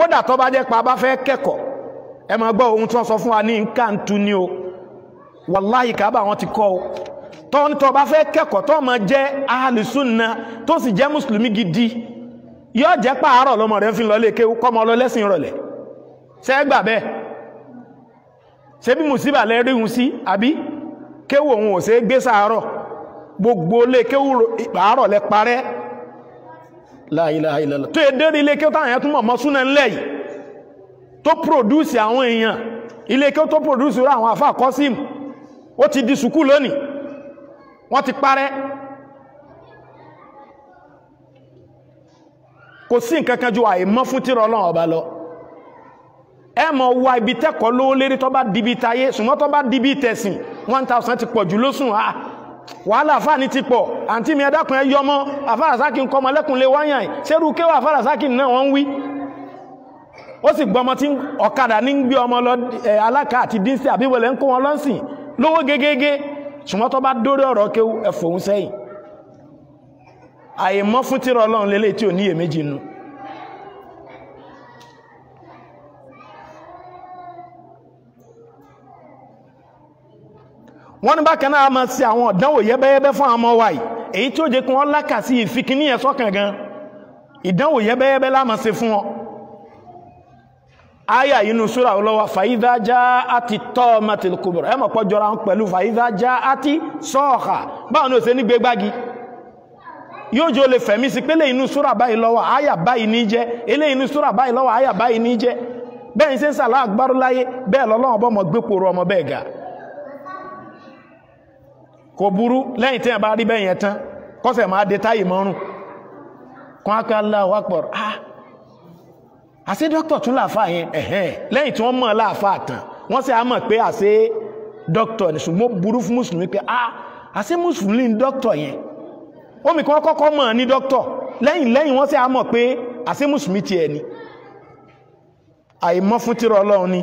kódà tó bá jẹ́ pa bá fẹ́ kẹ́kọ̀ọ́ ẹ máa gbọ́ ohun tí wọ́n sọ fún wa ní nǹkan tu ni o wàláyì kábà wọn ti kọ́ o tọ́ni tó bá fẹ́ kẹ́kọ̀ọ́ tó máa jẹ́ ahàlùsùnà tó sì jẹ́ mùsùlùmí gidi yóò jẹ́ pààrọ̀ lọ́mọ rẹ̀ fi lọlé kéwú kọ́mọ ọlọ́lẹ́sìn rọ̀lẹ̀ sẹ́gbà bẹ́ẹ̀ ṣe bí mùsíbà lẹ́ríhun sí àbí kéwú òun ò ṣe é gbé sàárọ̀ gbogbo lé kéwú pààrọ̀ lẹ parẹ́ la ilaha illallah tó èdè ilé kí ó táwọn èèyàn tún mọ̀ mọ́ súnà ńlẹ̀ yìí tó pòdúsì àwọn èèyàn ilé kí ó tó pòdúsì rá àwọn àfá àkọ́sìm ó ti di sùkú lónìí wọ́n ti parẹ́ kò sí nǹkan kan ju àìmọ́ fún tírọ ọlọ́run ọba lọ ẹ mọ̀ wá ibi tẹ́kọ̀ọ́ lówó lérí tó bá dibi tayé ṣùgbọ́n tó bá dibi tẹ̀sìn 1000 ti pọ̀ lóṣùn ah wàhálà àfáà ní ti pọ̀ àǹtí mi ẹ̀dákùn ẹ yọmọ àfáàràsákì ń kọmọ lẹ́kùnlé wáyàn ṣerú kéwà àfáàràsákì náà wọ́n ń wí ó sì gbọmọ tí ọ̀kadà ní ń gbé ọmọ lọ aláka àti dínsí àbíwẹ̀lẹ̀ ń kó wọn lọ́sìn lówó gégége ṣùgbọ́n tó bá dórí ọ̀rọ̀ kéwù ẹ̀fọ̀hún sẹ́yìn àyèmọ́ fún tírọ̀ ọlọ́run lélẹ̀ tí ò níyèméjì nù wọ́n ní bákan náà máa ṣe àwọn ìdánwò yẹ́bẹ́yẹ́bẹ́ fún àwọn ọmọ wa yìí èyí tí ó jẹ́ kí wọ́n lákà sí ìfikiní ẹ̀ sọ́kàn gan ìdánwò yẹ́bẹ́yẹ́bẹ́ láàmà ṣe fún wọn aya inú súra olówó fàyídá já àti tọ́ọ̀mà ti kúbọ̀rọ̀ ẹ mọ̀ pọ̀ jọra wọn pẹ̀lú fàyídá já àti sọ́ọ̀hà báwọn lè fẹ̀mí sí pé lẹ́yìn inú súra báyìí lọ́wọ́ aya báyìí ní jẹ́ eléyìí inú súra báyìí lọ́wọ́ aya báyìí ní jẹ́ bẹ́ẹ̀ ń ṣe ń sàlá àgbárò láyé bẹ́ẹ̀ lọ́lọ́wọ́ bọ́ mọ̀ gbépòrò ọmọ bẹ́ẹ̀ ga kò burú lẹ́yìn tí ẹ̀ bá rí bẹ́yìn ẹ̀tán kọ́sẹ̀ máa dé táyì mọ́rún kan áká Allahu Akbar ah àṣẹ dókítà tún làáfà yẹn ẹ̀hẹ́n lẹ́yìn tí wọ́n mọ̀ láàfà tán wọ́n sì á mọ̀ pé àṣẹ dókítà ní ṣùgbọ́n burú fún mùsùlùmí pé ah àṣẹ mùsùlùmí ní dókítà yẹn omi kan kọ́kọ́ mọ̀ ní dókítà lẹ́yìn lẹ́yìn wọ́n sì á mọ̀ pé àṣẹ mùsùlùmí tiẹ̀ ni àìmọ́ fún tìrọ Ọlọ́run ni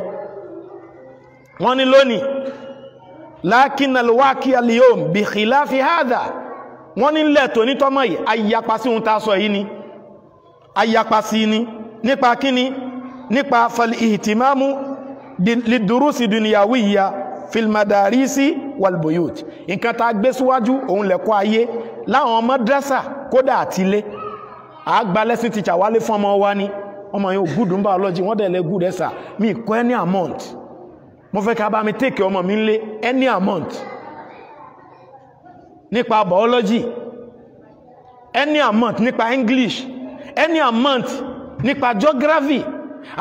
wọ́n ní lónìí lákín alwákí aliyom bí kìláfi hádà wọ́n ní lẹ̀ tó nítọ́mọ̀ yìí ayyapa sí ohun tásọ yìí ni ayyapa sí ni nípa kíni nípa falihitimamu lidurusi duniyawiya filmadarisi walbuyut nǹkan ta gbé síwájú òun lẹ̀kọ́ ayé láwọn madrasa kódà àtilé àgbálẹ́sìn teacher wálé fún ọmọ wa ni ọmọ yóò gúdùn bá ọlọ́jì wọ́n dẹ̀ lẹ́gùdẹ́sà mi kọ́ any amount mo fẹ́ ká bá mi take ọmọ mi nlé any amount nípa biology any amount nípa English any amount nípa geography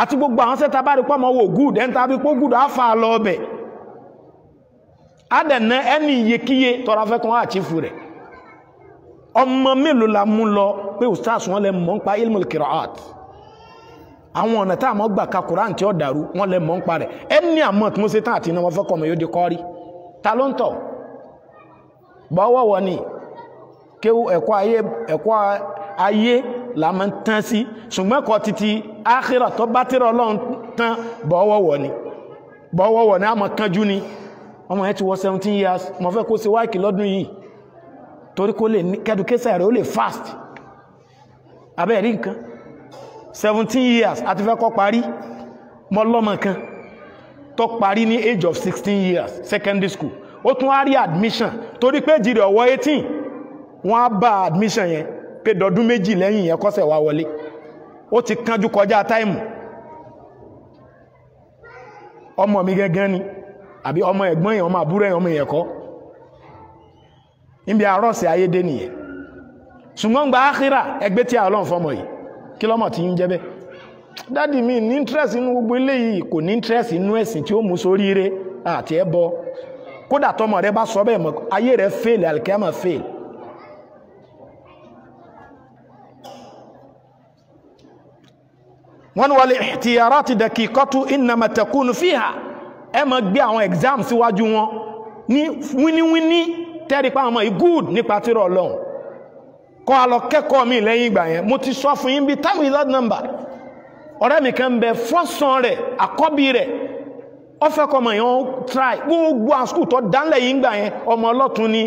àti gbogbo àwọn sẹ́ta bá rí pọ́mọ wò good ẹni tàbí pó good àfà lọ ọbẹ̀ adẹ̀nà ẹni iyekíye tọ́ra fẹ́ kan àchífù rẹ̀ ọmọ mélòó la mú lọ pé ustaz wọn lẹ mọ́ ń pa ilmul kiraat àwọn ọ̀nà tá a mọ̀ gbà ka Quran tí ó dàrú wọ́n lè mọ̀ ń parẹ̀ ẹni àmọ́ tí mo ṣe tán àti iná wọn fẹ́ kọ́ ọmọ yóò di kọ́rí ta ló ń tọ̀ bọ́wọ́ wọ ni kéwú ẹ̀kọ́ ayé ẹ̀kọ́ ayé la máa ń tán sí ṣùgbọ́n ẹ̀kọ́ títí áhírà tó bá tẹ̀rọ ọlọ́run tán bọ́wọ́ wọ ni bọ́wọ́ wọ ni a mọ̀ ni ọmọ yẹn ti wọ seventeen years mo fẹ́ kó ṣe wáìkì lọ́dún yìí torí kó lè kẹ́dùkẹ́sà rẹ̀ ó lè fast abẹ́ẹ̀rí nǹkan seventeen years àti fẹ́ kọ́ parí mọ́ lọ́mọ kan tó parí ní age of sixteen years secondary school ó tún á rí admission torí pé jìrì ọ̀wọ́ eighteen wọ́n á bá admission yẹn pé dọdún méjì lẹ́yìn yẹn kọ́sẹ̀ wá wọlé ó ti kánjú kọjá táìmù ọmọ mi gẹ́gẹ́ ni àbí ọmọ ẹ̀gbọ́n èèyàn ọmọ àbúrò èèyàn ọmọ èèyàn kọ́ níbi àárọ̀sẹ̀ ayédè nìyẹn ṣùgbọ́n gba áhírà ẹgbẹ́ tí a ọlọ́run fọmọ yìí kí lọ́mọ̀ tí ń jẹ́ bẹ́ẹ̀ dádì mi ní interest inú gbogbo eléyìí kò ní interest inú ẹ̀sìn tí ó mú sóríire àti ẹbọ kódà tọmọ rẹ bá sọ bẹ́ẹ̀ mọ́ ayé rẹ fail alikẹ́mọ̀ fail wọ́n wọlé ìtìyàrá ti dẹ̀kì kọ́tù ìnàmà tẹ̀kùnù fíhà ẹ máa gbé àwọn exam síwájú wọn ní wíníwíní tẹ́rí ọmọ yìí good nípa tírọ̀ ọlọ́run kọ́ a lọ kẹ́kọ̀ọ́ mi lẹ́yìn ìgbà yẹn mo ti sọ fún yín bí táwọn ìlọ́dún nọ́mbà ọ̀rẹ́ mi kan bẹ fọ́sàn rẹ̀ àkọ́bí rẹ̀ ọfẹ́ kọmọ yẹn ó try gbogbo àsùkù tó dánlẹ̀ yìí gbà yẹn ọmọ ọlọ́tún ni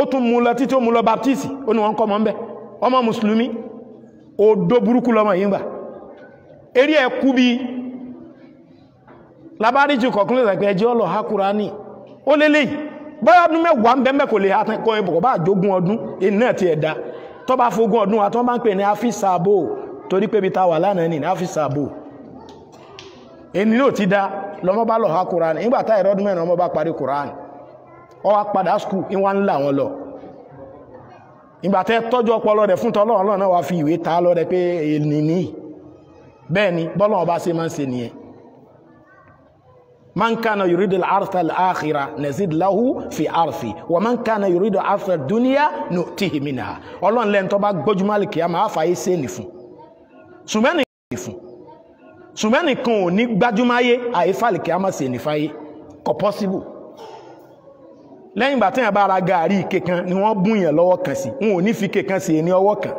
ó tún mú lọ títí ó mú lọ baptist ó ní kọ́ ń ọmọ bọ́yá ọdún mẹ́wàá ń bẹ́ mẹ́kò lè akẹ́kọ̀ọ́ ẹ̀bùkọ̀ bá ọdún iná ti ẹ̀dá tó bá fógún ọdún wa tó bá ń pè ní torí pé ta wà lánàá ní ẹni ti bá Kùránì nígbà tá ọmọ bá parí Kùránì ọ wá skul wọn lọ ìgbà tẹ́ tọ́jú rẹ̀ fún náà wá fi ìwé ta lọ bẹ́ẹ̀ ni bọ́lọ́run bá ṣe máa man kana yuridu al-artha al-akhira nazid lahu fi arthi wa man kana yuridu artha dunya nu'tihi minha ọlọ́run lẹ́ni tó bá gbójúmọ́ àlè kìá máa fàáyé sí ẹnì fún sùmẹ́nì fún sùmẹ́nì kan ò ní gbájúmọ́ ayé àyífà àlè kìá máa sí ẹnì fáyé kò possible lẹ́yìn ìgbà téèyàn bá ra gàárì ìkẹkan ni wọ́n bùn yàn lọ́wọ́ kan sí wọn ò ní fi ìkẹkan sí ẹni ọwọ́ kan